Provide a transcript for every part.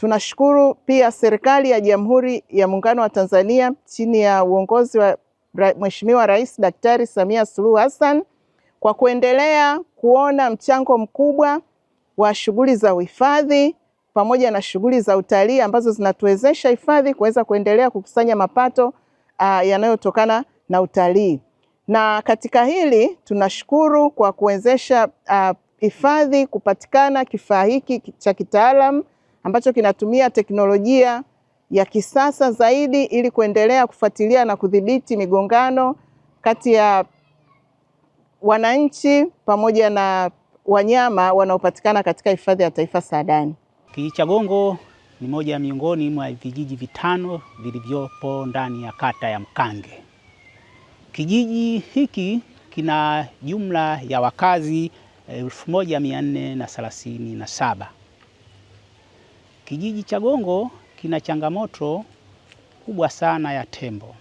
Tunashukuru pia serikali ya Jamhuri ya Muungano wa Tanzania chini ya uongozi wa Mheshimiwa Rais Daktari Samia Suluhu Hassan kwa kuendelea kuona mchango mkubwa wa shughuli za uhifadhi pamoja na shughuli za utalii ambazo zinatuwezesha hifadhi kuweza kuendelea kukusanya mapato uh, yanayotokana na utalii. Na katika hili tunashukuru kwa kuwezesha hifadhi uh, kupatikana kifaa hiki cha kitaalam ambacho kinatumia teknolojia ya kisasa zaidi ili kuendelea kufuatilia na kudhibiti migongano kati ya wananchi pamoja na wanyama wanaopatikana katika hifadhi ya taifa Saadani. Kijiji cha Gongo ni moja ya miongoni mwa vijiji vitano vilivyopo ndani ya kata ya Mkange. Kijiji hiki kina jumla ya wakazi eh, elfu moja mia nne na thelathini na saba. Kijiji cha Gongo kina changamoto kubwa sana ya tembo,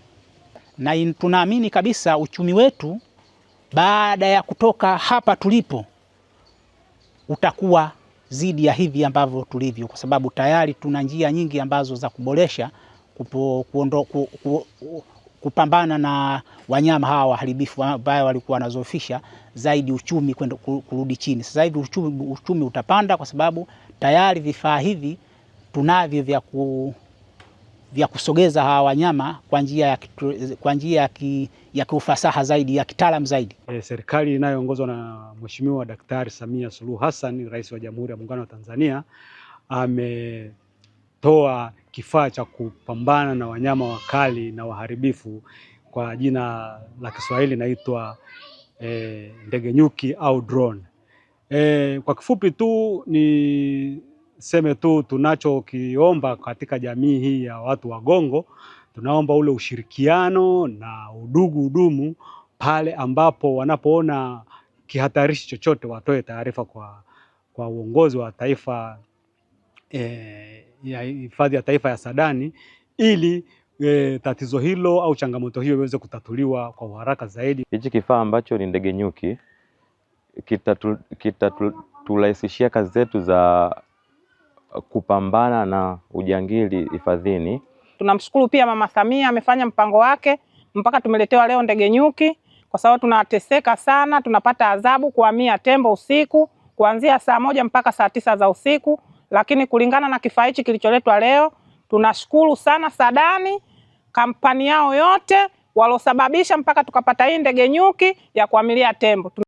na tunaamini kabisa uchumi wetu baada ya kutoka hapa tulipo utakuwa zidi ya hivi ambavyo tulivyo, kwa sababu tayari tuna njia nyingi ambazo za kuboresha kupo, kuondo, ku, ku, kupambana na wanyama hawa waharibifu ambao walikuwa wanazofisha zaidi uchumi kwenda kurudi chini. Sasa hivi uchumi, uchumi utapanda kwa sababu tayari vifaa hivi tunavyo vya, ku, vya kusogeza hawa wanyama kwa njia ya, kwa njia ya, ki, ya kiufasaha zaidi ya kitaalamu zaidi. E, serikali inayoongozwa na Mheshimiwa Daktari Samia Suluhu Hassan, Rais wa Jamhuri ya Muungano wa Tanzania, ametoa kifaa cha kupambana na wanyama wakali na waharibifu kwa jina la Kiswahili inaitwa e, ndege nyuki au drone. E, kwa kifupi tu ni Seme tu tunachokiomba katika jamii hii ya watu Wagongo, tunaomba ule ushirikiano na udugu udumu pale ambapo wanapoona kihatarishi chochote watoe taarifa kwa, kwa uongozi wa taifa e, ya hifadhi ya taifa ya Sadani ili e, tatizo hilo au changamoto hiyo iweze kutatuliwa kwa haraka zaidi. Hichi kifaa ambacho ni ndege nyuki kitaturahisishia kita kazi zetu za kupambana na ujangili hifadhini. Tunamshukuru pia Mama Samia amefanya mpango wake mpaka tumeletewa leo ndege nyuki, kwa sababu tunateseka sana, tunapata adhabu kuhamia tembo usiku kuanzia saa moja mpaka saa tisa za usiku, lakini kulingana na kifaa hichi kilicholetwa leo, tunashukuru sana Sadani kampani yao yote walosababisha mpaka tukapata hii ndege nyuki ya kuamilia tembo.